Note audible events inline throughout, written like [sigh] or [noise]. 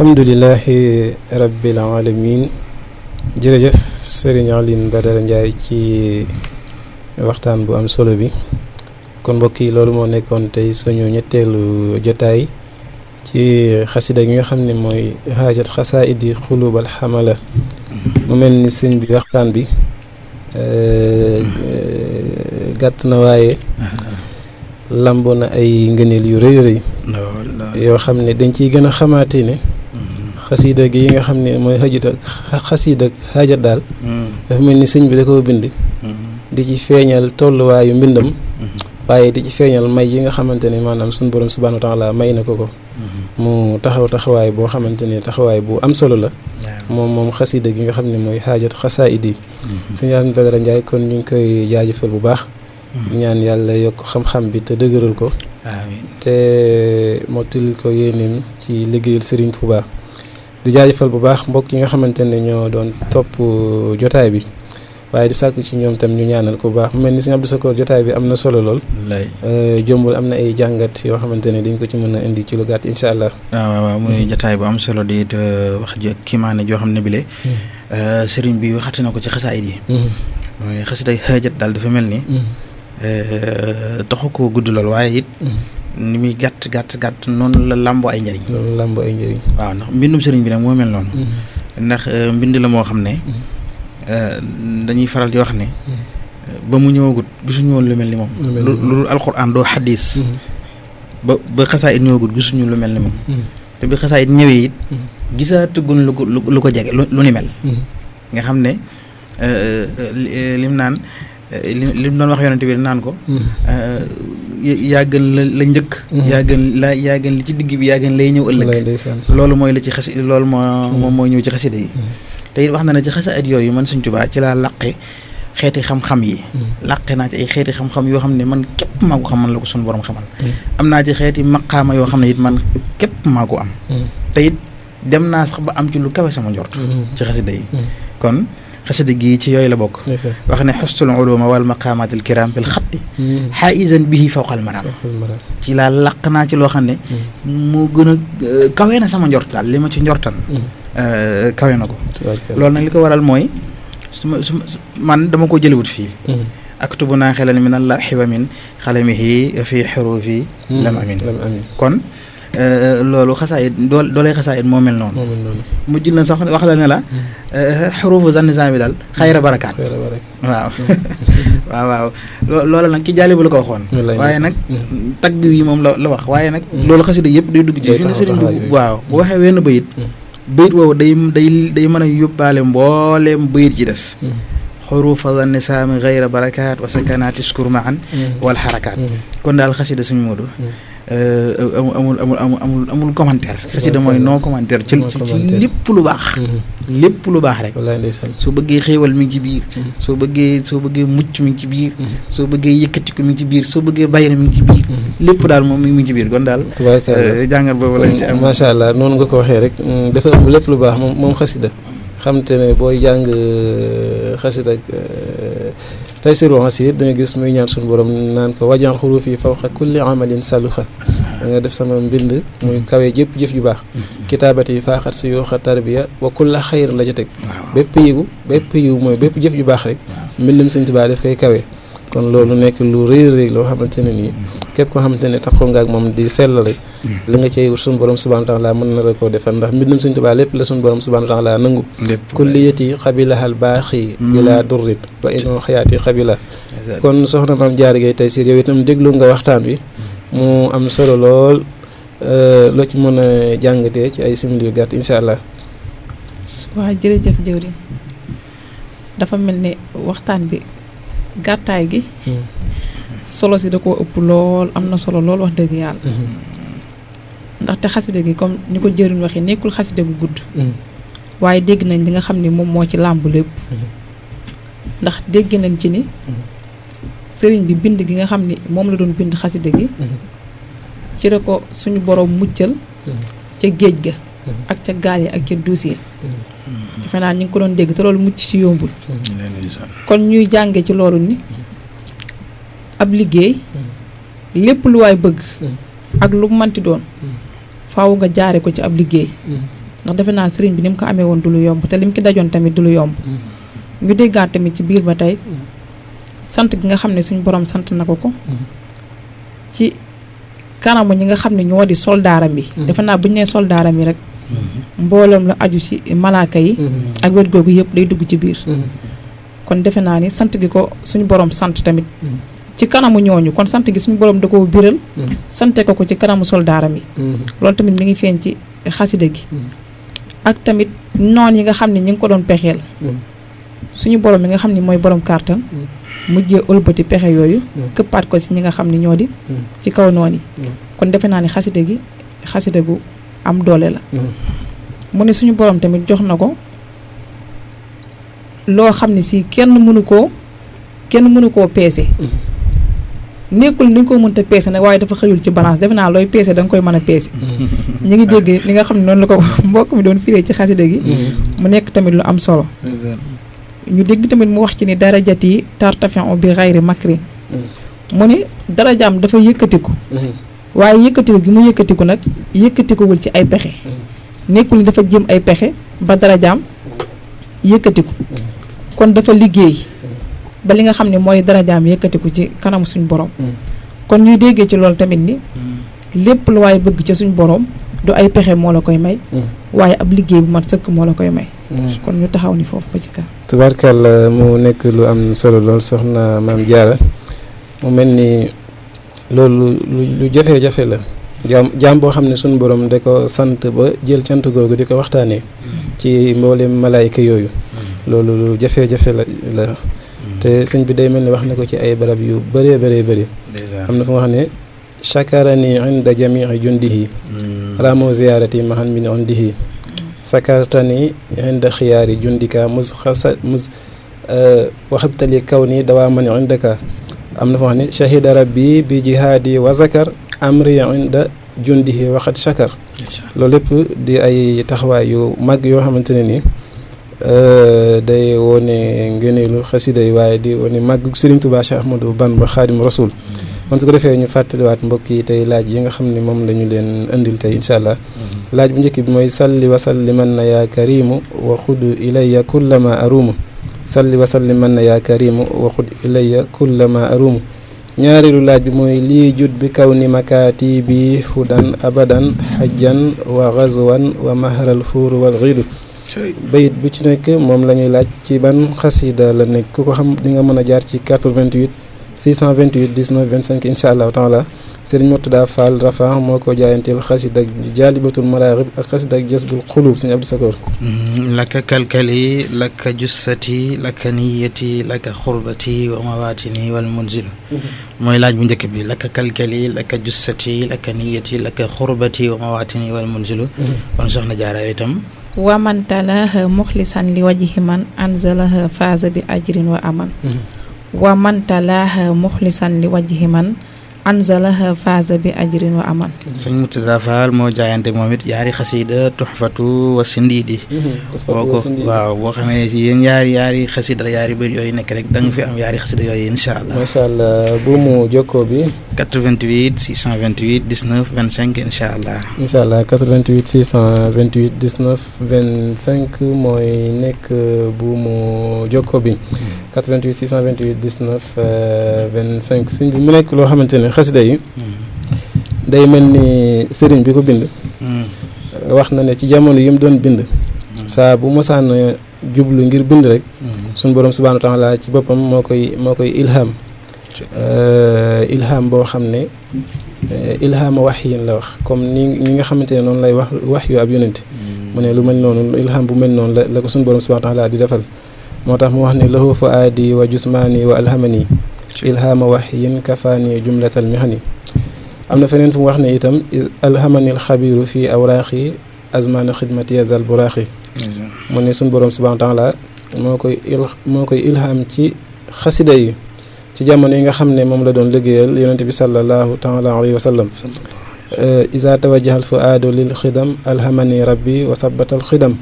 alhamdulilahi rabbil alamin jërëjëf Serigne Aline Badara Ndiaye ci waxtaan bu am solo bi kon mbokk yi loolu moo nekkoon tey suñu ñetteelu jotaay ci xasida gi nga xam ne mooy haajat xasaayidi xulubal xamala mu mel ni sëñ bi waxtaan bi euh, gàtt na waaye lambo na ay ngëneel yu rëy rëy yoo xam ne dañ ciy gën a xamaate ne xasiida gi yi nga xam ne mooy xajut ak xasiida ak xaajat daal hmm. dafa mel ni sëñ bi da koo bind hmm. di ci feeñal tolluwaayu mbindam hmm. waaye di ci feeñal may yi nga xamante ne maanaam suñu borom subhaana wa taala may na ko ko mu taxaw taxawaay boo xamante ne taxawaay bu am solo la moom moom xasiida gi nga xam ne mooy xaajat xasaayid yi sëñ Ahmed Badara Ndiaye kon ñu ngi koy jaajëfal bu baax ñaan yàlla yokk xam-xam bi te dëgëral ko amiin te mottil ko yéeneem ci liggéeyal Serigne Touba di jaajëfal bu baax mbokk yi nga xamante ne ñoo doon topp euh, jotaay bi waaye di sàkku ci ñoom tam ñu ñaanal ko bu baax mu mel ni sëñ Abdou Sakor jotaay bi am na solo lool. Euh, jombul am na ay jàngat yoo xamante ne dañ ko ci mën a indi ci lu gàtt incha allah. waaw waaw muy hmm. jotaay bu am solo di it euh, wax ji kiimaane joo xam ne bile. Hmm. sëriñ bi waxati na ko ci xasaayid yi. Hmm. mooy xasiday xëjat daal dafa mel ni. taxu ko gudd lool waaye it. ni muy gàtt gàtt gàtt noonu la làmb ay njëriñ. noonu làmb ay njëriñ. waaw mbindum sëriñ bi nag moo mel noonu. Mm-hmm. ndax euh, mbind la moo xam ne. Mm-hmm. Euh, dañuy faral di wax ne. Mm-hmm. ba mu ñëwagut gisuñu woon lu mel ni moom. lu lu ba ba xasaay it lu mel ni moom. te bi xasaay it ñëwee it. gisaatugun lu ko lu ko jege lu ni mel. nga xam ne euh, lim naan lim doon wax yonent bi naan ko. yaa gën la la njëkk mhm. yaa gën la yaa gën li ci digg bi yaa gën lay ñëw ëllëg loolu mooy la ci xasi loolu moo mhm. moom mooy ñëw ci xasida yi mhm. te it wax na ne ci xasa at yooyu man Sëñ Tuubaa ci laa laqe xeeti xam-xam yi laqe naa ci ay xeeti xam-xam yoo xam ne man képp maa ko la ko suñu borom xamal am naa ci xeeti maqaama yoo xam ne it man képp maa ko am te it dem naa sax ba am ci lu kawe sama njort ci xasida yi kon قصد جيتي يا لبوك وخنا حسن العلوم والمقامات الكرام بالخط حائزا به فوق المرام كلا لقنا تلو خنا مو جن كوينا سما جرت على ما تجرتن كوينا كو لون اللي كوار الموي ما ندم كو جلود في أكتبنا خلال من الله حبا من خلمه في حروفي لم أمين كن لولو خسائر دول دول خسائر مومل نون مجدنا صح واخ لنا لا حروف زن زامي دال خير بركة خير بركة واو واو واو لولا نك جالي بلوك أخون واي نك تقوي مم لو لو واي نك لولو خسائر يب دو دو جيف نسرين واو واه وين بيت بيت واو داي داي داي ما نيوب بالهم بالهم بيت جدس حروف النساء من غير بركات وسكنات تشكر معا والحركات كنا الخسائر سمودو Euh, amul amul amul amul commentaire. xasida mooy non commentaire. ci lépp lu baax. Mm-hmm. lépp lu baax rek. soo bëggee xéewal mi ngi ci biir. Mm-hmm. soo bëggee soo bëggee mucc mi ci biir. Mm-hmm. soo bëggee yëkkatiku mi ngi ci biir soo bëggee bayre mi ngi ci biir. lépp daal moom mi ngi ci biir kon daal. Euh, jàngal boobu lañ ci am. macha allah noonu nga ko waxee rek mm, dafa am lépp lu baax moom moom xasida xam te ne booy jàng euh, xasida ak tey siru asir da nga gis muy ñaan suñu borom naan ko wajaan xuruuf yi fawqa kulli amalin saluxa da nga def sama mbind muy kawee jëpp jëf ju baax kitaabati yi faaxat si yooxa tarbiya wa kulla xayr la ca teg bépp yigu bépp yiw mooy bépp jëf ju baax rek mbindum Sëñ Tuubaa daf koy kawee kon loolu nekk lu rëy rëy loo xamante ne nii képp koo xamante ne taxaw nga ak moom di sellale mm. li nga cay wut suñu borom laa mën na la koo defal ndax mbindum suñu Tuubaa lépp la suñu borom subhanahu wa taala nangu kulliyati xabilahal baaxi bila mm. durrit wa inu xayaati xabila kon soxna maam jaar gay tey si yow itam déglu nga waxtaan wi mm. mu am solo lool euh, loo ci mën a jàngatee ci ay simili yu gàtt incha allah waa jërëjëf jëwriñ dafa mel ni waxtaan bi gàttaay gi solo si da koo ëpp lool am na solo lool wax dëgg yàlla mhm. te xasida gi comme ni ko jëriñ waxee nekkul xasida gu gudd mhm. waaye dégg nañ li nga xam ne moom moo ci làmb lépp mhm. ndax dégg nañ ci ni sëriñ bi bind gi nga xam ni moom la doon bind xasida gi ci suñu borom muccal ca géej ga ak ca gaal ak ca duus yi defe ñu ngi ko doon dégg te loolu mucc ci yombul kon ñuy jànge ci loolu ni ab liggéey hmm. lépp lu waay bëgg hmm. ak lu manti doon hmm. faw nga jaare ko ci ab liggéey ndax defe naa sëriñ bi ni ko amee woon du lu yomb te lim ki dajoon tamit du lu yomb ñu déggaat tamit ci biir ba tey sant gi nga xam ne suñu borom sant na ko ko ci kanamu ñi nga xam ne ñoo di soldaaram bi defe naa bu ne nee soldaaram yi rek mbooloom la aju ci malaaka yi ak wet googu yëpp day dugg ci biir kon defe naa ni sant gi ko suñu borom sant tamit ci kanamu ñooñu kon sant gi suñu borom da koo biral mm. sante ko ko ci kanamu soldaaram yi mm. loolu tamit mi ngi feeñ ci xasida gi mm. ak tamit noon yi nga xam ne ñi ngi ko doon pexeel suñu borom mi nga xam ni mooy boroom kàttan mujjee ëlbati pexe yooyu këppaat ko si ñi nga xam ni ñoo di ci kaw noon yi kon defe naa ni xasida gi xasida bu am doole la mu ne suñu borom tamit jox na ko loo xam ne si kenn mënu koo kenn mënu koo peese nekkul ni nga ko mënta peese nag waaye dafa xëyul ci balance defe naa looy peese da nga koy mën a peese [laughs] ñu ngi dégg li nga xam ne noonu la ko mbokk mi doon firee ci xasida gi mm-hmm. mu nekk tamit lu am solo ñu dégg tamit mu wax ci ni darajat yi tartafion bi xayri makri mm-hmm. mu ne darajaam dafa yëkkatiku mm-hmm. waaye yëkkatiku gi mu yëkkatiku nag yëkkatikuwul ci ay pexe nekkul ni dafa jëm ay pexe ba darajaam yëkkatiku kon dafa liggéey ba li nga xam ne mooy dara darajaam yëkkatiku ci kanamu suñu borom. Mm. kon ñuy déggee ci loolu tamit ni. Mm. lépp lu waaye bëgg ca suñu borom du ay pexe moo la koy may. Mm. waaye ab liggéey bu mat sëkk moo la koy may. kon ñu taxaw ni foofu ba ci kanam. tubaarkàlla mu nekk lu am solo lool soxna maam Diarra mu mel ni loolu lu jafe la. jaam jaam boo xam ne suñu borom da ko sant ba jël cant googu di ko waxtaanee. ci mboolem malaayika yooyu. loolu lu jafe-jafe la la. te sëñ bi day mel ni wax na ko ci ay barab yu bëree bëree bëri am na fu nga xam ne chakarani inda jamii jundihi hmm. ramo ziyaarati mahan min indihi hmm. sakartani inda xiyaari jundika mus xasa mus eh, waxabtali kaw nii dawaa man am na fa wax ne shahida rabbi bi jihaadi wa zakar amri inda jundihi waxat shakar loolu lépp di ay taxawaay yu mag yoo xamante ne nii Euh, day wone ngëneelu xasida yi waaye di wone màggug Sëriñ Tuubaa Cheikh Ahmadou Bamba Xaadim Rasul man su ko defee ñu fàttaliwaat mbokk yi tey laaj yi nga xam ni moom la ñu leen indil tey incha allah mhm. laaj bu njëkk bi mooy salli wa salli man na yaa karimu wa xud ilayya kullama arumu salli wa salli man na yaa karimu wa xud ilayya kullama arumu ñaareelu laaj bi mooy lii jut bi kaw ni makaati bi hudan abadan xajjan wa gazwan wa mahral fuur wal xiidu bayit bu ci nekk moom la ñuy laaj ci ban xasida la nekk ku ko xam di nga mën a jaar ci 88 628 19 25 incha allahu taala sëriñ Murtada Fall Rafa moo ko jaayanteel xasida ak jaalibatul maraaxib ak xasida ak jasbul xulub sëñ Abdou Sakor mm-hmm. laka kalkali laka jussati laka niyati laka xurbati wa mawatini wal munzil mm-hmm. mooy laaj bu njëkk bi laka kalkali laka jussati laka niyati laka xurbati wa mawatini wal ومن تلاها مخلصا لوجه من أنزلها فاز بأجر وأمن ومن تلاها مخلصا لوجه من anzalaha faaza bi ajrin wa aman sëñ Murtada Fall moo jaayante moom it yaari xasida tuxfatu wa sindiidi mhm, boo ko waaw boo xamee si yéen yaari yaari xasida la yaari bëri yooyu nekk rek da nga fi am yaari xasida yooyu incha allah macha allah bu mu jokkoo bi 88 628 19 25 incha allah incha allah 88 628 19 25 mooy nekk bu mu jokkoo bi hmm. vingt 88 628 19 25 sëñ bi mu nekk loo xamante ne xasida yi day mel ni sëriñ bi ko bind hmm. wax na ne ci jamono yi mu doon bind hmm. saa bu mosaan jublu ngir bind rek hmm. suñu borom subhaana wa taala ci boppam moo koy moo koy ilham euh, ilham boo xam ne euh, ilhama wax yin la wax comme ni ñi nga xamante ne noonu lay wax wax yu ab yonent mu ne lu mel noonu ilham bu mel noonu la la ko suñu borom subhaana wa taala di defal moo tax mu wax ni lahu fuaadi wa jusmaani wa alhamani ilhaama waxyin kafaani jumlatal mihani am na feneen fu mu wax ne itam alhamani alxabiru fi awraaxi azmaana xidmati yazal buraaxi mu ne suñ boroom subhaana taala moo koy il moo koy ilham ci xasida yi ci jamono yi nga xam ne moom la doon liggéeyal yonente bi sallallahu taala alayhi wa sallam isa tawajjaha al fuaadu lil xidam alhamani rabbi wa sabatal xidam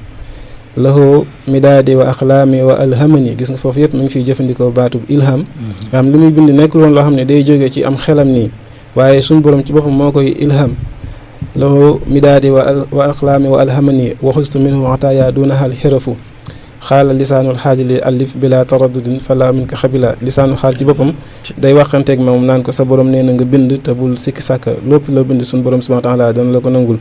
lahu midaadi wa axlaami wa alhamani gis nga foofu yëpp mu ngi fiy jëfandikoo baatub ilham mm-hmm. nga xam li muy bind nekk loon loo xam ne day jóge ci am xelam nii waaye suñu borom ci boppam moo koy ilham lahu midaadi wa wa axlaami wa alhamani waxustu minhu ataaya duunaha al xirafu xaala lisaanul xaali li alif bila taraddudin fala min ka xabila lisaanu xaal ci boppam day waxanteeg moom naan ko sa borom nee na nga bind te bul sikki sàkka lépp loo bind suñ borom subhanahu wa taala dana la ko nangul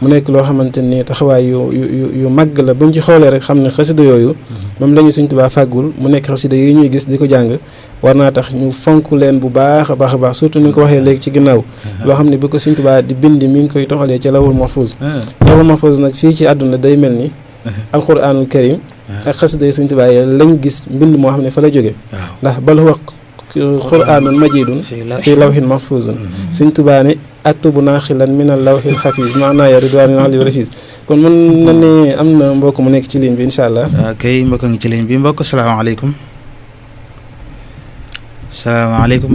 mu nekk loo xamante ni taxawaay yu yu yu màgg la buñ ci xoolee rek xam ne xasida yooyu moom la ñu suñ tubaa fàggul mu nekk xasida yi ñuy gis di ko jàng war naa tax ñu fonk leen bu baax a baax a baax surtout ni nga ko waxee léegi ci ginnaaw loo xam ne bi ko suñ tubaa di bind mi ngi koy toxalee ci lawul mahfuz ah. lawul mahfuz nag fii ci àdduna day mel ni ah. alquranul karim ak xasida yi sëñ Tuubaa yi lañ gis mbind moo xam ne fa la jóge ndax bal huwa quraanun majiidun fii lawhin mahfuuzun sëñ Tuubaa ne aktubu naaxilan min al lawhil xafiis maanaa ya ridwaanin aliyul rafiis kon mën na ne am na mbokk mu nekk ci ligne bi incha allah. ok mbokk ngi ci ligne bi mbokk salaamaaleykum salaamaaleykum.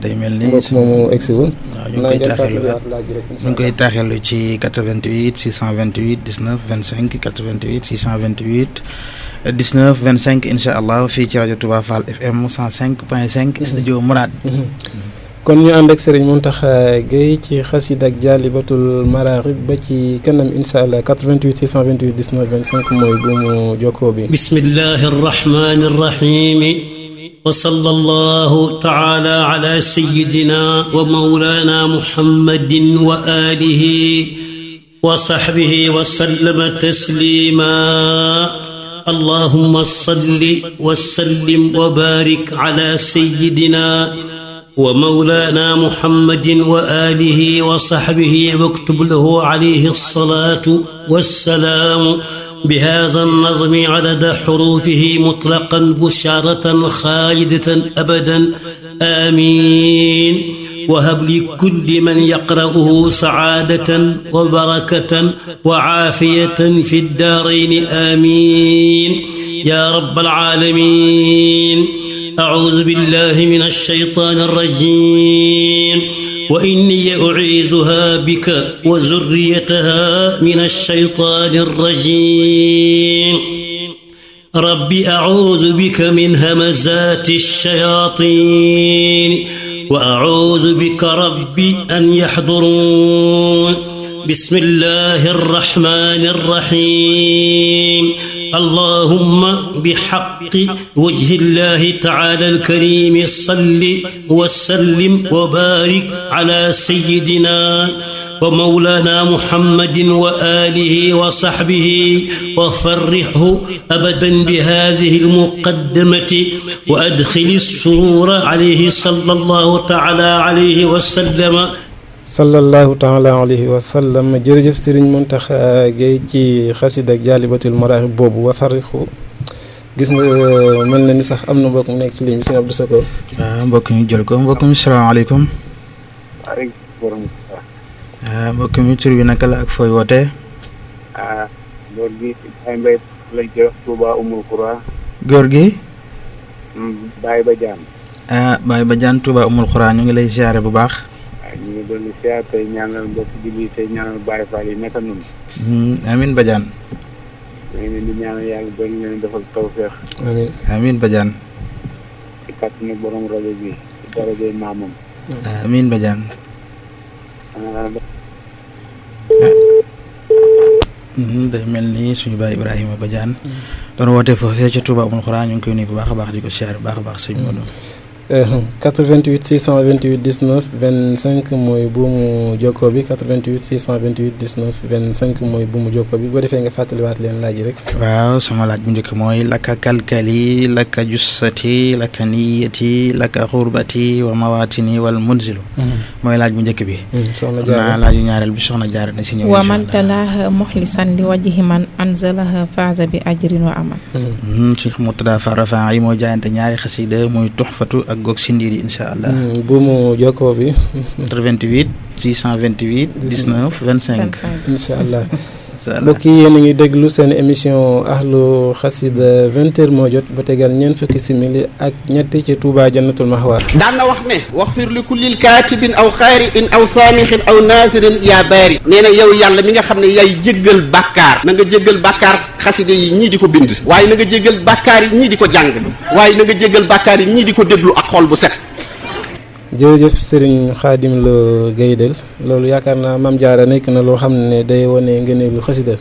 day mel ni mbokk moomu egsiwul waaw ñu ngi koy taaxelu ñu ngi koy taaxelu ci 88 628 19 25 88 628 19 25 incha allah fii ci rajo Touba Fall FM 105 point 5 studio Mourad kon ñu ànd ak Serigne Mountakha Gueye ci xasida ak Jaalibatul Maraaxib ba ci kanam incha allah 88 628 19 25 mooy bu mu jokkoo bi. bismillahi rahmaani rahim. وصلى الله تعالى على سيدنا ومولانا محمد واله وصحبه وسلم تسليما اللهم صل وسلم وبارك على سيدنا ومولانا محمد واله وصحبه واكتب له عليه الصلاه والسلام بهذا النظم عدد حروفه مطلقا بشارة خالدة أبدا آمين وهب لكل من يقرأه سعادة وبركة وعافية في الدارين آمين يا رب العالمين أعوذ بالله من الشيطان الرجيم واني اعيذها بك وذريتها من الشيطان الرجيم رب اعوذ بك من همزات الشياطين واعوذ بك رب ان يحضرون بسم الله الرحمن الرحيم اللهم بحق وجه الله تعالى الكريم صل وسلم وبارك على سيدنا ومولانا محمد وآله وصحبه وفرحه أبدا بهذه المقدمة وأدخل السرور عليه صلى الله تعالى عليه وسلم sallallahu taala alayhi wa sallam jërëjëf sëriñ Mountakha Guèye ci xasida ak jaalibatul maraahib boobu wa farixu gis nga euh, mel na ni sax am na mbokk mu nekk ci ligne bi sëñ mbokk mi jël ko mbokk mi salaamaaleykum. Ah, bi naka la ak fooy woote ah góor gi Baye Mbaye lañ koy wax Touba Oumoul gi. Hmm, Baye Badiane. ah ñu ngi lay ziare bu baax. ñu ngi doon siyaar tey ñaanal mbokk julli tey ñaanal Baye Fall yi naka noonu. Hmm, amiin Badiane. maa ngi leen hmm, mel ni suñu baay Ibrahima Badiane. Hmm. doon woote foofee ca Touba Oumoul Khourane koy nuyu bu baax a baax di ko siyaar bu baax a baax sëñ Modou. 88 628 19 25 mooy buumu jokkoo bi 88 628 19 25 mooy buumu jokkoo bi boo waaw sama laaj bu njëkk mooy laka kalkali laka jussati laka niyati laka xurbati wa mawatini wal munzilu. mooy laaj bu njëkk bi. soxna jaare naa laaju ñaareel bi soxna jaare na si ñëw. wa man talaaha muxlisan li wajhi man anzalaha faaza bi ajrin wa aman. Cheikh moo jaayante ñaari xasida muy tuxfatu ak. goog si ndiir yi incha allah. Hmm, bu mu jokkoo bi. 88 628. 19 25 25 incha allah. mbokk yi yéen a ngi déglu seen émission ahlu xasida vingt heures moo jot ba tegal ñeent fukki simili ak ñetti ci Touba jannatul mahwa daan na wax ne wax fir li kullil kaatibin aw xaari in aw saamixin aw naasirin yaa baari nee na yow yàlla mi nga xam ne yaay jëggal bàkkaar na nga jéggal bàkkaar xasida yi ñii di ko bind waaye na nga jéggal yi ñii di ko jàng waaye na nga jéggal bàkkaar yi ñii di ko déglu ak xol bu set jërëjëf Serigne Khadim Lo Gaydel loolu yaakaar naa Maam Jaara nekk na loo xam ne day wone wane ngëneelu xasida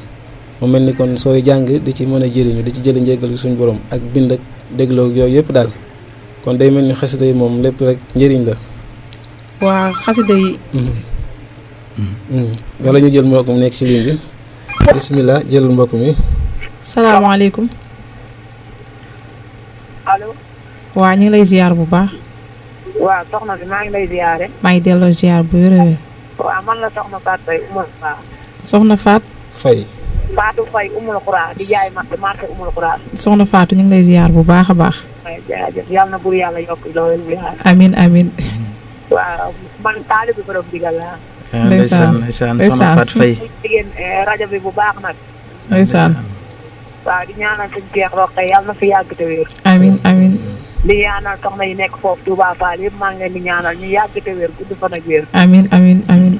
mu mel ni kon sooy jàng di ci mën a jëriñu di ci jëli njëgal suñu borom ak bind ak dégloo yooyu yëpp daal kon day mel ni xasida yi moom lépp rek njëriñ la. waa xasida yi. wala mm-hmm. mm-hmm. ñu jël mbokk mu nekk ci ligne bi bisimilah jël mbokk mi. salaamaaleykum. allo. waa ñu ngi lay ziar bu baax. waaw soxna bi maa ngi lay ziare. maa ngi delloo ziar bu man la soxna Fatou Faye Oumou Khouraa. soxna Fatou. Faye. Fatou Faye Oumou ñu ngi lay ziar bu baax a baax. jaajëf yal yàlla yokk loolu ziar. amiin amiin. waaw man taalibu ah, eh, bi bu baax nag. ndeysaan. waaw di yàgg di ñaanal soxna yi nekk foofu Touba Fall yëpp maa ngi leen ñaanal ñu yàgg te wér gudd fan ak wér. amiin amiin amiin.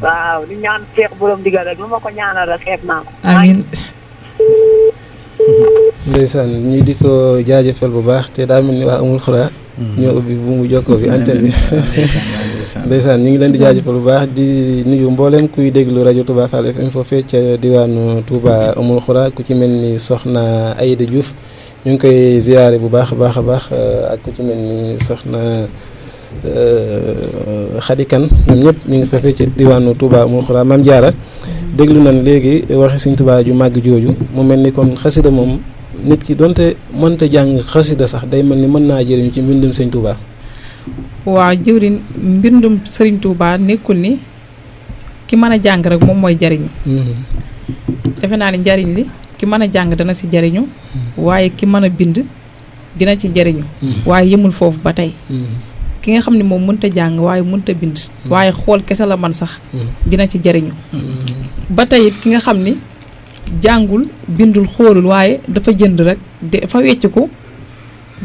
waaw di ñaan seex borom digal rek lu ma ko ñaanal rek xeeb naa ko. amiin. ndeysaan ñu di ko jaajëfal bu baax te daa mel ni waa amul xuraa mm. ñoo ubbi bu mu jokkoo fi antenne bi. ndeysaan ñu ngi leen di jaajëfal bu baax di nuyu mbooleem kuy déglu rajo Touba Fall FM foofee ca diwaanu tuuba amul xura ku ci mel ni soxna Aïda Diouf. ñu ngi koy ziyaare bu baax a baax a baax ak ku ci mel ni soxna Xadi euh, Kan ñëpp ñu ngi fefe ci diwaanu Touba mu xuraa Maam Jaara déglu nañ léegi waxi Sëñ Touba ju màgg jooju mu mel ni kon xasida moom nit ki donte mënta jàng xasida sax day mel ni mën naa jëriñu ci mbindum Sëñ Touba. waaw jëwriñ mbindum Sëriñ Touba nekkul ni ki mën a jàng rek moom mooy jariñu mm-hmm. defe naa ni njariñ li ki mën dana si jariñu waaye ki mën bind dina ci jariñu waaye yëmul foofu ba tey ki nga xam ne moom mënta jàng waaye bind waaye xool kese la man sax dina ci jariñu ba ki nga ni bindul xoolul waaye dafa jënd rek dafa wecc ko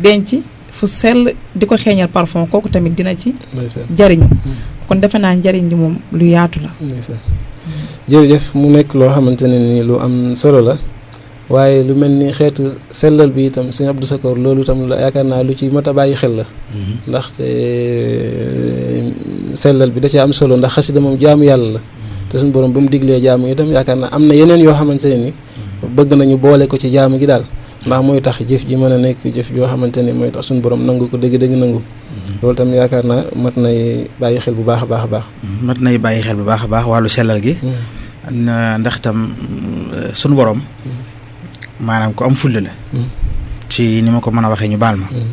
denc fu sell di ko parfum kooku tamit dina ci jariñu hmm. kon defe naa njariñ li moom lu yaatu la jërëjëf mu nekk loo xamante ne ni lu am solo la waaye lu mel ni xeetu sellal bi itam sëñ Abdou Sakor loolu itam yaakaar naa lu ci mat a bàyyi xel la ndax mhm. ndaxte eh, sellal bi da cee am solo ndax xasida moom jaamu yàlla la mhm. te suñu borom ba mu diglee jaamu itam yaakaar naa am na yeneen yoo xamante ne ni mhm. bëgg nañu boole ko ci jaamu gi daal ndax mooy tax jëf ji mën a nekk jëf joo xamante ne mooy tax suñu borom nangu ko dégg dëgg nangu loolu tam yaakaar naa mat nay bàyyi xel bu baax a baax a baax mat nay bàyyi xel bu baax a baax wàllu sellal gi ndax tam eh, suñu borom maanaam ko am fulla la mm. ci ni ko mën a ñu baal ma mm.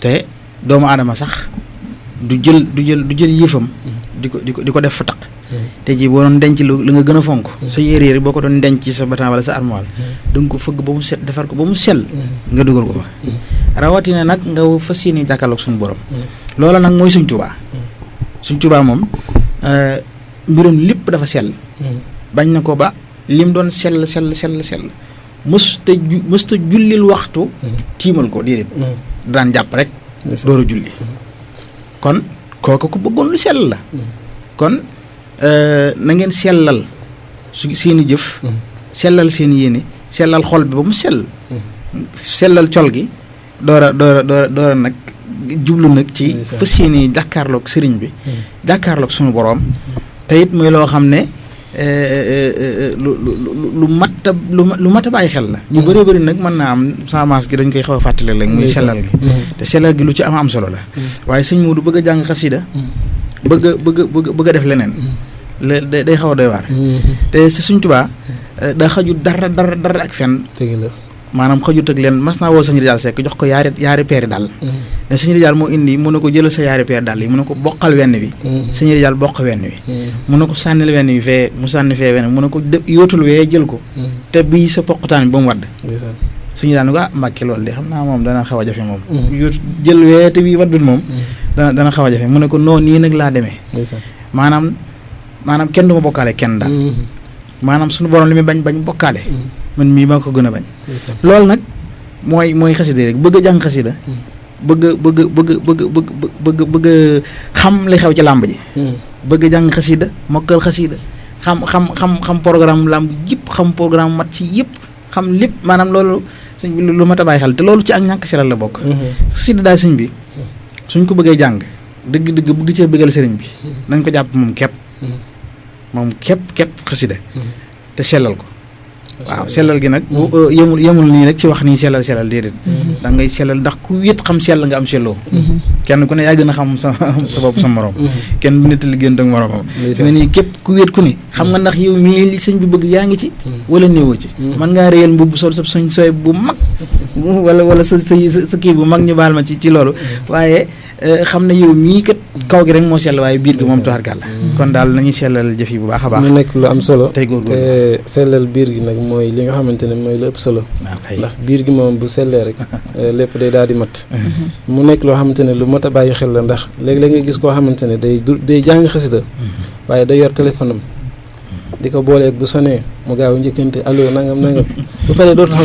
te doomu adama sax du jël du jël du jël yefam mm. di ko di ko def fa tak te ji boo denc lu nga gëna fonk sa yére yére boko ko denc ci sa batan wala sa armoire da ko fëgg ba mu set defar ko ba mu sel nga duggal ko fa rawatina nak nga fasiyene yéene suñu borom loola moy suñu tuba suñu tuba mom euh mbirum lepp dafa sel bañ na ko ba lim don sel, sel, sel, sel musta mësta jullil waxtu hmm. timal ko dedet hmm. dan japp rek Juli julli hmm. kon koko ko bëggoon lu sel la kon euh, na ngeen selal su seeni jëf selal seen yene selal xol bi ba mu sell sellal col gi dora dora dora dora nak a door jublu nag ci fas dakarlok serigne bi dakarlok sunu borom tayit muy Eh, eh, eh, lu lu mat lu mat a bàyyi xel la. ñu bëree bëri nag mën naa am saamaas gi dañ koy xaw a fàttale léegi muy sellal gi. te sellal gi lu ci am am solo la. Mm. waaye sëñ Modou bëgg a jàng xasida mm. bëgg a bëgg bëgg a def leneen. Mm. la day xaw a doy waar. Mm-hmm. te si suñ tubaa daa xaju dara dara dara ak fenn. dëgg la. maanaam xajut ak leen mas naa woo sëñ Rijaal jox ko yaari yaari peeri dàll mm-hmm. ne sëñ Rijaal moo indi mu ne ko jëlal sa yaari peeri dàll yi mu ko boqal wenn bi mm-hmm. sëñ Rijaal boq wenn wi mm-hmm. mu ne ko sànnil wenn wi fee mu sànni fee wenn mu ne ko yóotul wee jël ko te bii sa poqutaan bi ba mu suñu daan ko ah mbàkki loolu de xam naa moom dana xaw a jafe moom yóot jël wee te bii waddul moom dana dana xaw a jafe mu ne ko noonu nii nag laa demee maanaam maanaam kenn du ma bokkaale kenn daal maanaam su borom la mi bañ bañ bokkaale man mii maa ko gën a bañ. loolu nag mooy mooy xasida rek bëgg a jàng xasida hmm. bëgg a bëgg bëgg bëgg bëgg bëgg xam li xew ci làmb ji. Hmm. bëgg a jàng xasida mokkal xasida xam xam xam xam programme làmb yëpp xam programme mat ci yëpp xam lépp maanaam loolu sëñ bi lu mat a bàyyi xel te loolu ci ak ñàkk si la bokk. Hmm. xasida daal sëñ bi suñ ko bëggee jàng dëgg dëgg bëgg cee bëggal sëriñ bi nañ ko jàpp moom képp. moom képp képp xasida te sellal ko. waaw sellal gi nag mm-hmm. bu uh, yemul yemul nii rek ci wax nii sellal sellal déedéet mm-hmm. da ngay sellal ndax ku wét xam sell nga am selloo mm-hmm. kenn ku ne yaa gën a xam sa sa bopp sa morom kenn du nettali gën ak moromam ne nii képp ku wét ku ne xam nga ndax yow mii li sëñ bi bëgg yaa ngi ci wala néewoo ci man ngaa réyal mbubb sol sa suñ sooy bu mag [laughs] wala wala sa kii bu mag ñu baal ma ci loolu waaye Eh, xam ne yow mii kat kaw gi rek moo sell waaye biir gi moom mm-hmm. tuwaarkal la mm-hmm. kon daal nañu sellal jëf yi bu baax a baax mu nekk lu am solo sellal biir gi nag mooy li nga xamante ne mooy lu ëpp solo ah, ndax biir gi moom bu sellee rek [laughs] eh, lépp day daal di mat mm-hmm. mu nekk loo xamante ne lu mat a bàyyi xel la ndax léegi léeg nga gis koo xamante ne day du day jàng xasida waaye day yor téléphone am di ko booleeg bu sonee mu gaaw njëkkante allo nangam nangam [laughs] bu paree dootul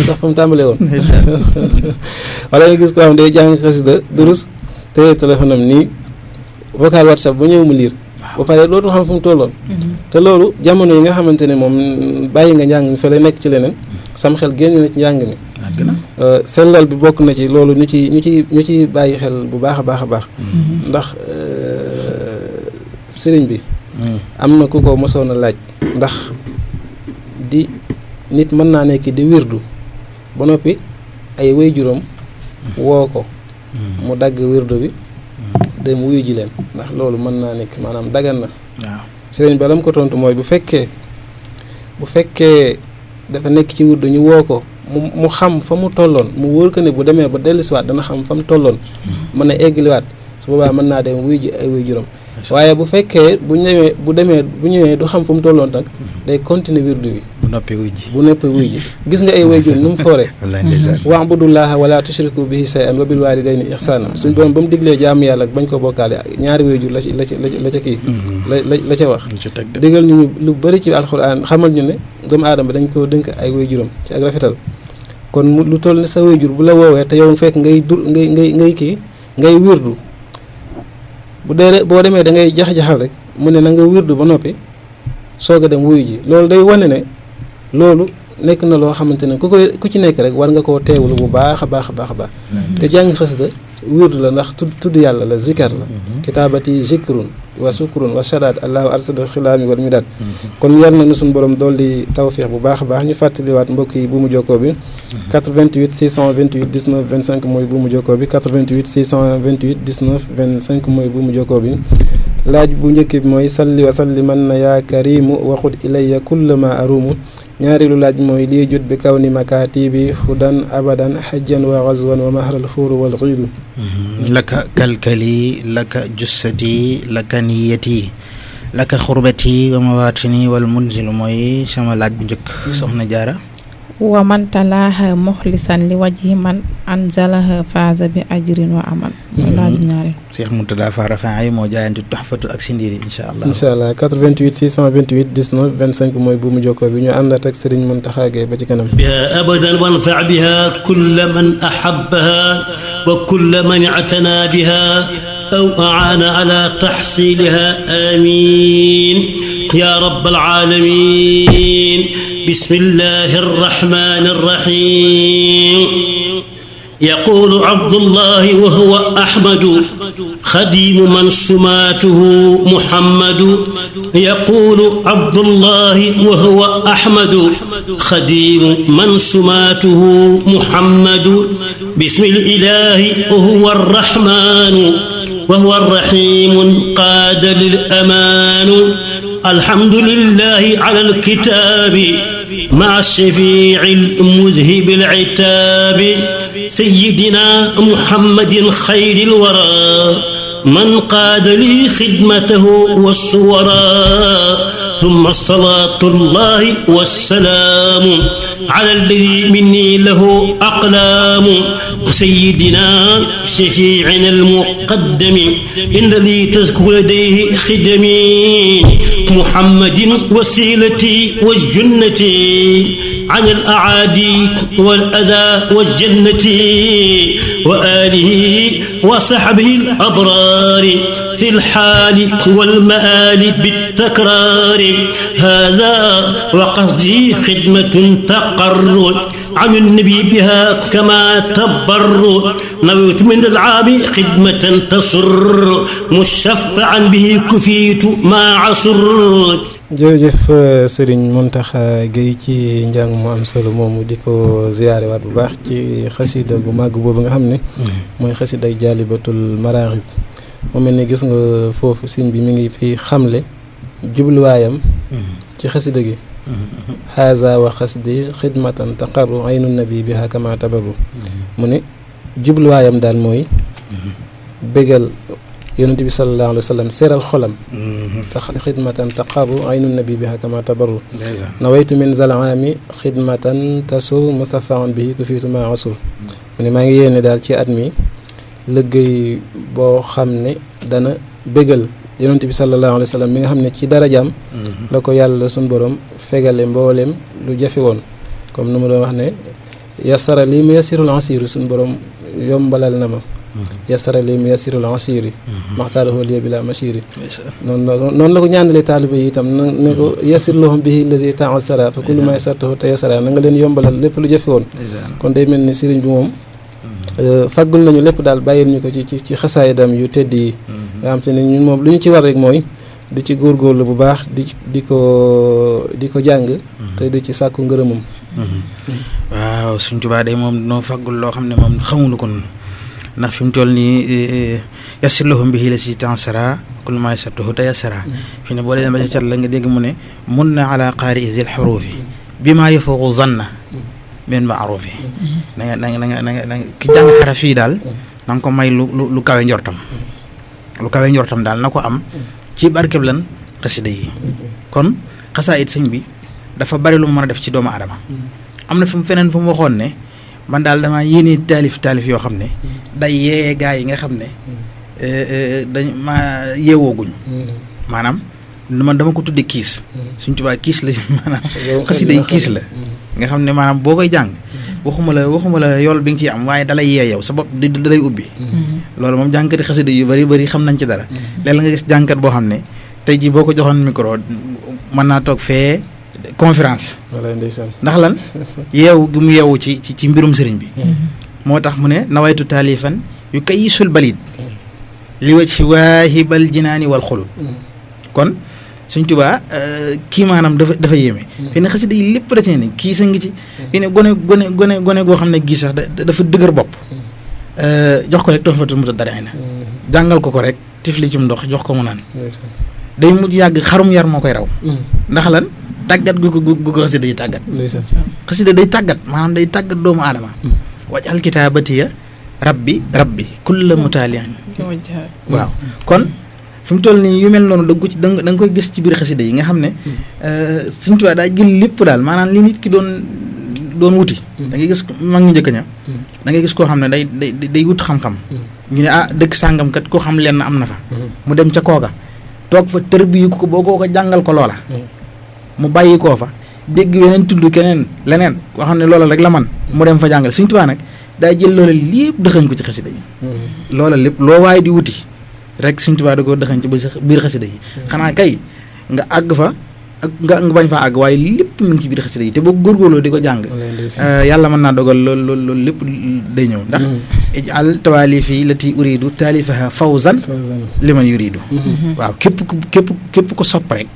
xam [laughs] te téléphone am nii vocal whatsapp bu ñëw mu liir bu pare loolu xam fu mu tolloon mhm. te loolu jamono yi nga xamante ne moom bàyyi nga njàng mi fa lay nekk ci leneen mhm. sam xel génn na ci njàng mi euh, sellal bi bokk na ci loolu ñu ci ñu ci ñu ci bàyyi xel bu baax a baax a baax mhm. ndax euh, sëriñ bi am na ku ko mosoon a laaj ndax di nit mën naa nekk di wirdu ba noppi ay way juróom woo ko mu dagg wirdu wi dem wuyu ji leen ndax loolu mën naa nekk maanaam dagan na waaw sëriñ ba lam ko tontu mooy bu fekkee bu fekkee dafa nekk ci wirdu ñu woo ko mu mu xam fa mu tolloon mu wóor ko ne bu demee ba dellusiwaat dana xam fa mu tolloon hmm. mën a eggaliwaat su boobaa mën naa dem wuyu ji ay wuyu juróom waaye bu fekkee bu ñëwee bu demee bu ñëwee du xam fa mu tolloon nag hmm. day continuer wirdu bi bu noppee wuy ji bu noppee wuy ji gis nga ay wayjur nu mu foore wa'budullaha wala tushriku bihi shay'an wa bil walidayni ihsana suñ borom ba mu diglee jaamu yàlla bañ ko bokkaale ñaari wayjur la ci la ci la ca kii mm-hmm. la la ca wax digal ñu ñu lu bari ci alxuraan xamal ñu ne doomu aadama dañ koo dënk ay wayjuram ci ak rafetal kon mu lu toll ne sa jur bu la woowee te yow mu fekk ngay dur ngay ngay ngay kii ngay wirdu bu dee boo demee da ngay jax rek mu ne na nga wirdu ba noppi soog a dem wuyu loolu day wane loolu nekk na loo xamante ne ku ko ku ci nekk rek war nga koo teewlu bu baax a baax a baax a baax mm-hmm. te jàng xasida wérdu la ndax tudd tudd yàlla la zikar la mm-hmm. kitaabati zikrun wa sukrun wa shadaat allahu arsada xilaami wal midaat mm-hmm. kon yar na nu suñu borom dool di tawfiix bu baax baax ñu fàttaliwaat mbokk yi bu mu jokkoo bi 88 628 19 25 mooy bu mu jokkoo bi 88 628 19 25 mooy bu mu jokkoo bi laaj bu njëkk bi mooy salli wa salli man na yaa karimu waxut ilayya kulla ma arumu ñaareelu laaj mooy lii jut bi kaw ni makaatibi hudan abadan xajjan wa xazwan wa mahral fuuru wal xiidu mm-hmm. laka kalkali laka jussati laka niyati laka xurbati wa mawaatini wal munzilu mooy sama laaj bu njëkk mm-hmm. soxna jaara wa man talaaha muxlisan li wajhi man anzalaha faaza bi ajrin wa amal. Mhm. laaj ñaari. Cheikh Mourtada Faara Faye moo jaayanti Tuhfatu ak Sindiri incha allah. incha allah 88 628 19 25 mooy bu mu jokkoo bi ñu àndaat ak Serigne Mountakha Gueye ba ci kanam. biha abadan wanfa biha kulla man ahabbaha wa kulla man i'tana biha أو أعان على تحصيلها آمين يا رب العالمين بسم الله الرحمن الرحيم يقول عبد الله وهو أحمد خديم من سماته محمد يقول عبد الله وهو أحمد خديم من سماته محمد بسم الإله وهو الرحمن وهو الرحيم قاد للأمان الحمد لله على الكتاب مع الشفيع المذهب العتاب سيدنا محمد خير الورى من قاد لي خدمته والصورا ثم الصلاة الله والسلام على الذي مني له أقلام سيدنا شفيعنا المقدم الذي تزكو لديه خدمي محمد وسيلتي والجنة عن الأعادي والأذى والجنة وآله وصحبه الأبرار الاستمرار في الحال والمآل بالتكرار هذا وقصدي خدمة تقر عن النبي بها كما تبر نويت من العام خدمة تصر مشفعا به كفيت ما عصر جوجف سرين منتخى جيكي نجان مام سولو ديكو زياره وات بو باخ سي خسيده بو ماغ بوبو خامني خسيده جالبه المراغب mu mel ni gis nga foofu sëñ bi mi ngi fi xamle jubluwaayam ci xasida gi xaaza wa xasdi xidmatan taqarru aynu nabi biha kama tabarru mu ne jubluwaayam daal mooy bégal yonent bi sallallahu alayhi wa sallam seeral xolam te xidmatan taqarru aynu nabi biha kama tabarru nawaytu min zalaami xidmatan tasur musafaan bihi ku fiitu maa asur mu ne maa ngi yéene daal ci at mi liggéey boo xam ne dana bégal yonent bi sallallahu alayhi wa sallam mi nga xam ne ci darajaam la ko yàlla suñ borom fegale mbooleem lu jafe woon comme nu mu doon wax ne yasara lii mu yasirul ansiri suñ borom yombalal na ma yasara lii mu yasirul ansiri maxtaarahu liya bila mashiri noonu la noonu la ko ñaanalee taalibe yi itam na ne ko yasir lahum bihi lazi taasara fa kullu ma yasartahu te yasara na nga leen yombalal lépp lu jafe woon kon day mel ni sëriñ bi moom Euh, faggul nañu lépp daal bàyyil ñu ko ci ci ci xasaayidam yu tedd yi mhm. nga xam te ne ñun moom lu ñu ci war rek mooy di ci góorgóorlu bu baax di di ko di ko jàng mhm. te di ci sàkku ngërëmam mhm. waaw suñ tubaa day moom noo faggul loo xam ne moom xamuñu ko noonu ndax fi mu toll nii e, e, yassir lahum bihi la si tansara kullu ma yasartuhu te yassara fi ne boo dee ba ca cat la nga dégg mu ne mun na ala qaari isil xuruufi bi maa yëfaxu zanna min maarufi na nga na nga na nga na nga ki jàng xaraf yi daal na nga ko may lu lu lu kawe njortam lu kawe njortam daal na ko am ci barkeb lan xasida yi kon xasaayit sëñ bi dafa bari lu ma mën a def ci doomu aadama am na fi mu feneen fu waxoon ne man daal damaa yéene taalif taalif yoo xam ne day yee gaa yi nga xam ne eh, eh, dañ ma yeewooguñ maanaam man dama ko tudde kiis suñ tubaa kiis la [laughs] maanaam xasida yi kiis la nga xamne ne bokay jang waxuma la waxuma la yol bi ngi ci am waye dalay yee yow sa di dalay ubbi mm-hmm. lolou mom jankati xassida yu bari bari xam nañ ci dara mm-hmm. léeg nga gis jankat bo xam ne ji boko joxone micro man na tok fee conférence ndax lan yew gum yew ci ci mbirum serigne bi mm-hmm. motax mu ne nawaytu yu balid li wa ci jinani wal khulud kon suñ tubaa eh, kii maanaam dafa dafa yéeme. Hmm. fi ne xasida yi lépp rek nañ kii sa ngi ci. Hmm. fi ne gone gone goo xam ne gii sax dafa dëgër bopp. Hmm. Eh, jox ko rek toog fa tuuti mu na. jàngal ko ko rek tifli ci ndox jox ko mu naan. day mujj yàgg xarum yar moo koy raw. ndax lan tàggat gu ko gu ko xasida yi tàggat. xasida day tàggat maanaam day tàggat doomu aadama. waj alkitaabatiya rabbi rabbi kulla mutaaliyan waaw kon. fim mu toll nii yu mel noonu dogu ci dang dang koy gis ci bir xasida yi nga xamne hmm. euh seigne touba da jël lepp dal manan li nit ki don don wuti hmm. da ngay gis mag ñu njëkk hmm. da ngay gis ko xamne day day day wut xam-xam ñu ne ah dekk sangam kat ko xam len am na fa mu dem ci koga tok fa yu ko boko ko jangal ko lola mu bayyi ko fa dégg yenen tudd kenen lenen ko xamne lola rek la man mu dem fa jangal seigne touba nak da jël loola lépp dëxañ ko ci xasida yi lola lepp lo way di wuti rek suñ tubaab da koo dëxañ ci biir xasida yi hmm. xanaa kay nga àgg fa ak nga nga bañ faa àgg waaye lépp mu ngi ci biir xasida yi te boo góorgóorloo di ko jàng euh, yàlla mën naa dogal lool lool loolu lépp day ñëw ndax hmm. ijal tawalifi lati uridu taalifaha fawzan liman yuridu hmm. waaw képp ku képp képp ko sopp rek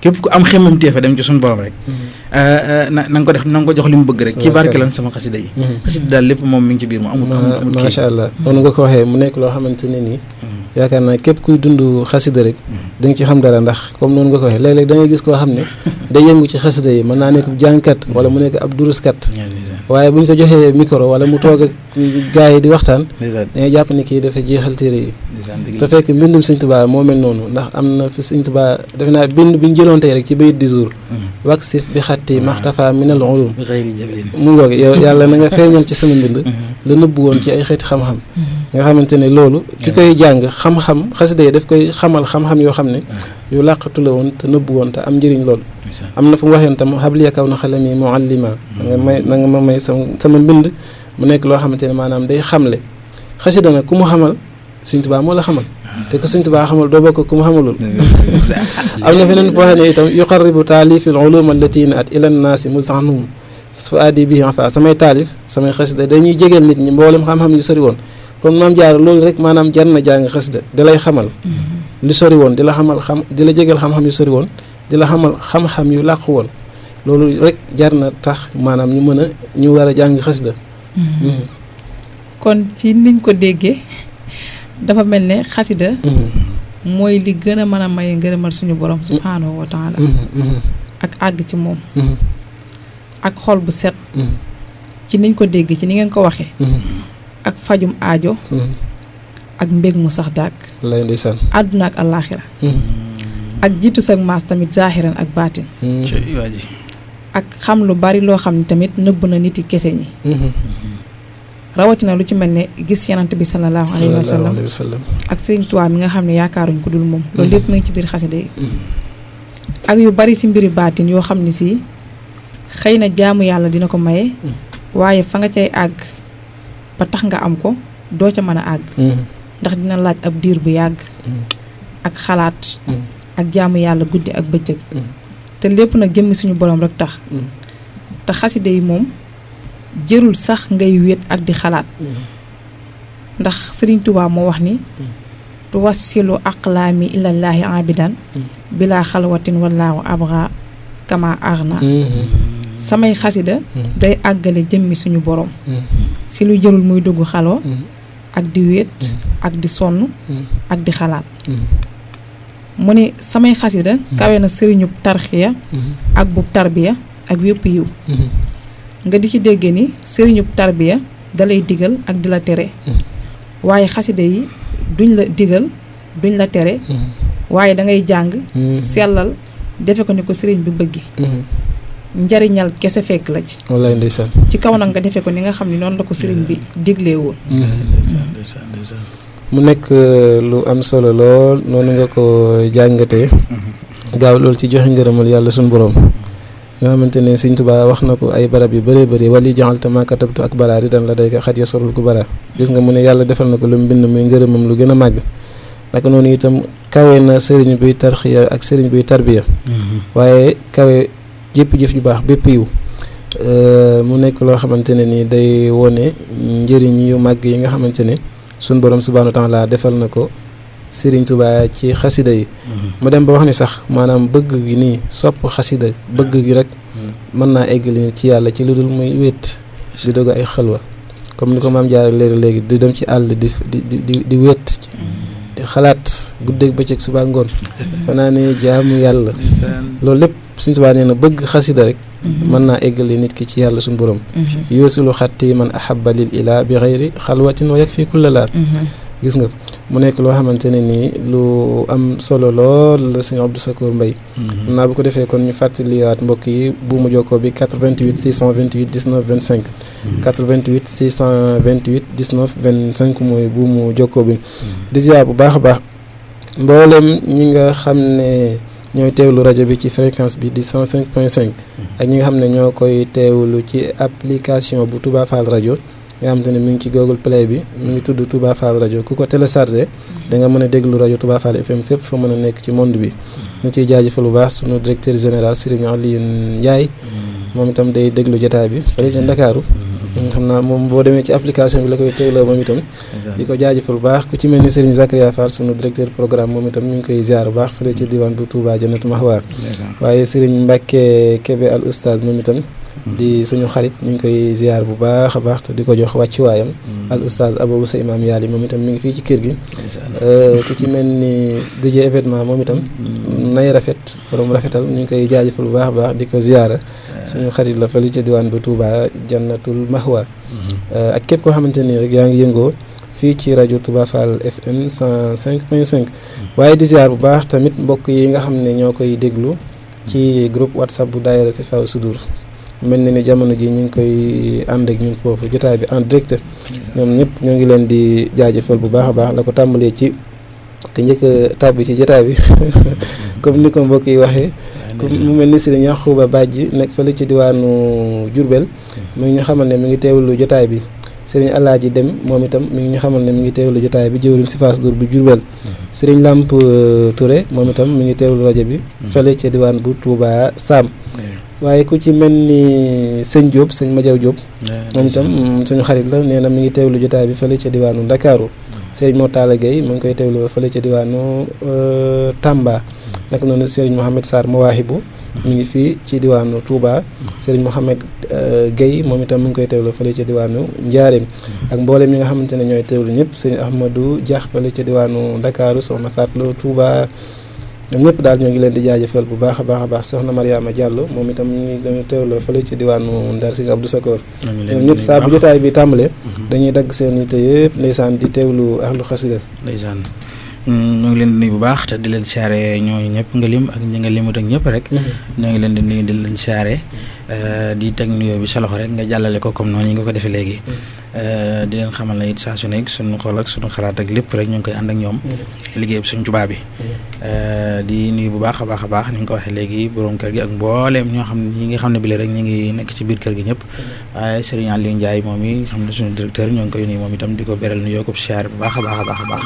képp ku am xemmemtee fa dem ci suñu borom rek mm-hmm. euh, euh, na na nga ko def na ko jox li mu bëgg rek ci barke lan sama xasida yi mm-hmm. xasida daal lépp moom mi ngi ci biir mu amul amul kii macha allah noonu nga ko waxee mu nekk loo xamante ne nii mm-hmm. yaakaar naa képp kuy dund xasida rek da nga ci xam dara ndax comme noonu nga ko waxee léeg-léeg da ngay gis koo xam ne [laughs] day yëngu ci xasida yi mën naa nekk jàngkat wala mu nekk ab duruskat waaye bu ñu ko joxee micro wala mu toog ak gars yi di waxtaan. dañuy jàpp ni kii dafa jeexal téere yi. te fekk mbindum Sëñ Tuubaa moo mel noonu ndax am na fi Sëñ Tuubaa defe naa bind bi ñu jëloon tey rek ci bayit di jour. Mm-hmm. waksif bi xatti ah. maxtafa minal ulum mu ngoog yow yàlla na nga feeñal ci sama mbind. Mm-hmm. lu nëbbu woon ci ay xeeti xam-xam. Mm-hmm. nga xamante ne loolu. ki koy jàng xam-xam xasida yi daf koy xamal xam-xam yoo xam ne ah. yu làqatu la woon te nëbbu woon te am njëriñ lool am na fu mu waxee tam xabliya kaw na xalami muallima mm-hmm. nga may na nga ma may sama sama mbind mu nekk loo xamante ne maanaam day xamle xasida nag ku mu xamal Sëñ Tuubaa moo la xamal ah. te ku Sëñ Tuubaa xamal doo bokk ku mu xamalul [laughs] am na feneen foo xam ne itam yuqarribu taalifil ulum allati naat ila nnaasi musanum fa addi bi fa samay taalif samay xasida dañuy jegeel nit ñi mboole mboolem xam-xam yu sori woon kon maam jaar loolu rek maanaam jar na jàng xasida da lay xamal mm-hmm. li sori woon di la xamal xam di la jegal xam-xam yu sori woon di la xamal xam-xam yu làqu woon loolu rek jar na tax maanaam ñu mën a ñu war a jàng xasida mm-hmm. Mm-hmm. kon ci niñ ko dégge dafa mel ne xasida mm-hmm. mooy li gën a mën a maye ngërëmal suñu borom subhaanahu wa taala ak àgg ci moom ak xol bu set ci niñ ko déggee ci ni ngeen ko waxee ak fajum aajo ak mbég mu sax dàkk. lay ndeysaan àdduna ak àllaaxira hmm. ak jiitu sag maas tamit zaahiran ak baatin. Hmm. ak xam lu bari loo xam ne tamit nëbb na nit kese ñi. Hmm. rawatina lu ci mel ne gis yenant bi sallallahu alayhi wa ak sëriñ Tuubaa mi nga xam ne yaakaaruñ ko dul moom. loolu lépp mu ngi ci biir xasida yi ak yu bari si mbiri baatin yoo xam ne si xëy na jaamu yàlla dina ko maye. waaye fa nga cay àgg ba tax nga am ko doo ca mën a àgg. ndax dina laaj ab diir bu yàgg mm. ak xalaat mm. ak jaamu yàlla guddi ak bëccëg mm. te lépp nag jëmmi suñu borom rek tax te xaside yi moom jërul sax ngay wéet ak di xalaat ndax sëriñ tubaab moo wax ni tuwassilu aqlaami ilallaahi abidan bilaa xalwatin wallaahu abra kama arna samay xasida day àggale jëmmi suñu boroom si lu jërul muy dugg xaloo ak di wéet mm-hmm. ak di sonn mm-hmm. ak di xalaat mm-hmm. mu ni samay xasida kawe na sëriñub tarxiya ak bu tarbiya ak yëpp yiw nga di ci dégge ni sëriñub tarbiya dalay digal ak di la tere waaye xasida yi duñ la digal duñ la tere waaye dangay jàng sellal defe ko ni ko sëriñ bi bëgge njariñal kese fek la ci wallahi ndaysan ci kaw nak nga defé ko ni nga xamni non la ko serigne bi diglee woon mm-hmm. mu nek uh, lu am solo lol noonu nga ko jangate mm-hmm. gaaw lol ci joxe ngeeramul yalla sun borom nga xamantene serigne touba wax nako ay barab yu bëree bëri wali ta ma katabtu akbara ridan dan la day ka xat sorul gis nga mu ne defal na lu mbind muy ngeeramam lu gëna mag nak itam kawe na serigne bi tarxiya ak serigne bi tarbiya mm-hmm. waye kawe jëpp jëf ju baax bépp yiw euh, mu nekk loo xamante ne ni day wone njëriñ yu màgg yi nga xamante ne suñ borom subhaanahu wa taala defal na ko Sëriñ Tuubaa ci xasida yi mm-hmm. mu dem ba wax ni sax maanaam bëgg gi nii sopp xasida bëgg gi rek mm-hmm. mën naa eggali ci yàlla ci lu dul muy wéet di dogu ay wa comme ni ko maam jaare léegi léegi di dem ci àll di di di di wéet mm-hmm. di xalaat guddeeg bëccëg subaa ngoon [laughs] fanaa jaamu yàlla loolu lépp سنت بعدين بق خسيد رك منا إجل نيت كتير الله سنبرم يوصلوا خاتي من أحب للإله بغير خلوة ويكفي كل لا جسنا من يكلوا هم تنيني لو أم سولو لور لسنا عبد سكور باي أنا بكو دفع كون مفات لي أت بوكي بوم جو كوبي 88 628 19 25 88 628 19 25 مو بوم جو كوبي دزيا بباخ باخ بولم نينغا خامنه ñooy teewlu rajo bi ci fréquence bi di 105.5 mm-hmm. ak ñi nga xam ne ñoo koy teewlu ci application bu Touba Fall rajo nga xam te ne mu ngi ci Google Play bi mu ngi tudd Touba Fall rajo ku ko téléchargé mm-hmm. da nga mën a déglu rajo Touba Fall FM fépp fa mën a nekk ci monde bi mm-hmm. ñu ciy jaajëfal lu baax sunu directeur général Serigne Alioune Ndiaye moom itam day déglu jotaay bi fële ca Ndakaaru Mm-hmm. xam naa moom boo demee ci application bi la koy tegloo moom itam di ko jaajëfal bu baax ku ci mel ni Serigne Zakaria Fall sunu directeur programme moom itam ñu ngi koy ziar bu baax fële ci diwaan bu Touba Jannatu Mahwa waaye Serigne Mbacke Kébé al oustaz moom itam mm-hmm. di suñu xarit ñu ngi koy ziar bu baax a baax te di ko jox wàcci waayam mm-hmm. al oustaz abou sa imam yalli moom itam mi ngi fii ci kër gi euh, ku ci mel ni DJ événement moom itam nay rafet borom rafetal ñu ngi koy jaajëfal bu baax a baax di ko ziyaara eh. suñu xarit la fële ca diwaan ba Touba jannatul mahwa mm-hmm. eh, ak képp koo xamante nii rek yaa ngi yëngoo fii ci rajo Touba Fall FM 105.5 mm-hmm. waaye di ziar bu baax tamit mbokk yi nga xam ne ñoo koy déglu ci mm-hmm. groupe whatsapp bu daayira si faw sudur mel na ni jamono ji ñu ngi koy ànd ak ñun foofu jotaay bi en direct ñoom ñëpp ñoo ngi leen di jaajëfal bu baax a baax la ko tàmbalee ci te njëkk a ci jotaay bi [laughs] comme ni ko mbokk yi waxee ah, comme mu mel ni Sëriñ Yaxuba Bàjji nekk fële ci diwaanu Jurbel hmm. mi ngi ñu xamal ne mi ngi teewlu jotaay bi Sëriñ Alaaji Dem moom itam mi ngi ñu xamal ne mi ngi teewlu jotaay bi jëwriñ si Fass Ndour bu Jurbel hmm. Sëriñ làmp euh, Touré moom itam mu ngi teewlu rajo bi hmm. fële ci diwaan bu Touba Sam waaye ku ci mel ni sëñ Diop sëñ Majaw Diop moom itam mm, suñu xarit la nee na mi ngi teewlu jotaay bi fële ci diwaanu Ndakaaru Serigne Mortala Gueye mu ngi koy teewlu ba fële ca diwaanu euh, Tamba. naka noonu Serigne Mohamed Sarr bu mu ngi fii ci diwaanu Touba. Serigne Mohamed euh, Gueye moom itam mu ngi koy teewlu fële ca diwaanu Njaareem. ak mboolem ñi nga xamante ne ñooy teewlu ñëpp Serigne Ahmadou Diakh fële ca diwaanu Ndakaaru soxna Fatou Touba. ñoom ñëpp daal ñoo ngi leen di jaajëfal bu baax a baax a baax soxna Mariama Diallo moom itam ñu ngi leen teewloo ci diwaanu Ndar Sëriñ Abdou Sakor ñoom ñëpp saa bu bi tàmbalee mhm. dañuy dagg seen yitte yëpp ndeysaan di teewlu ahlu xasida ndeysaan mm, ñoo ngi leen di nuyu bu baax te di leen siyaare ñoo ñëpp nga lim ak ñu nga limut ak ñëpp rek mhm. ñoo ngi leen di nuyu di leen siyaare mhm. eh, di teg nuyoo bi sa loxo rek nga jàllale ko comme noonu ñu nga ko defee léegi Euh, di leen xamal na it saa su nekk suñu xool ak suñu xalaat ak lépp rek ñu ngi koy ànd ak ñoom. Mm-hmm. liggéey bi suñ jubaa bi. Euh, di nuyu bu baax a baax a baax ni nga ko waxee léegi borom kër gi ak mbooleem ñoo xam ñi nga xam ne bile rek ñu ngi nekk ci biir kër gi ñëpp. Mm-hmm. waaye Serigne Aliou moom i xam ne suñu directeur ñoo ngi koy nuyu moom itam di ko beral nuyoo ko siyaar bu baax a baax a baax a baax.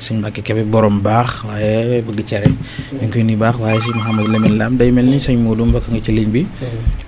sëñ Mbàkke baax waaye bëgg cere mm-hmm. ñu ngi koy nuyu baax waaye xam Mouhamadou Lamine Lam day mel ni sëñ Modou Mbakk nga ci ligne bi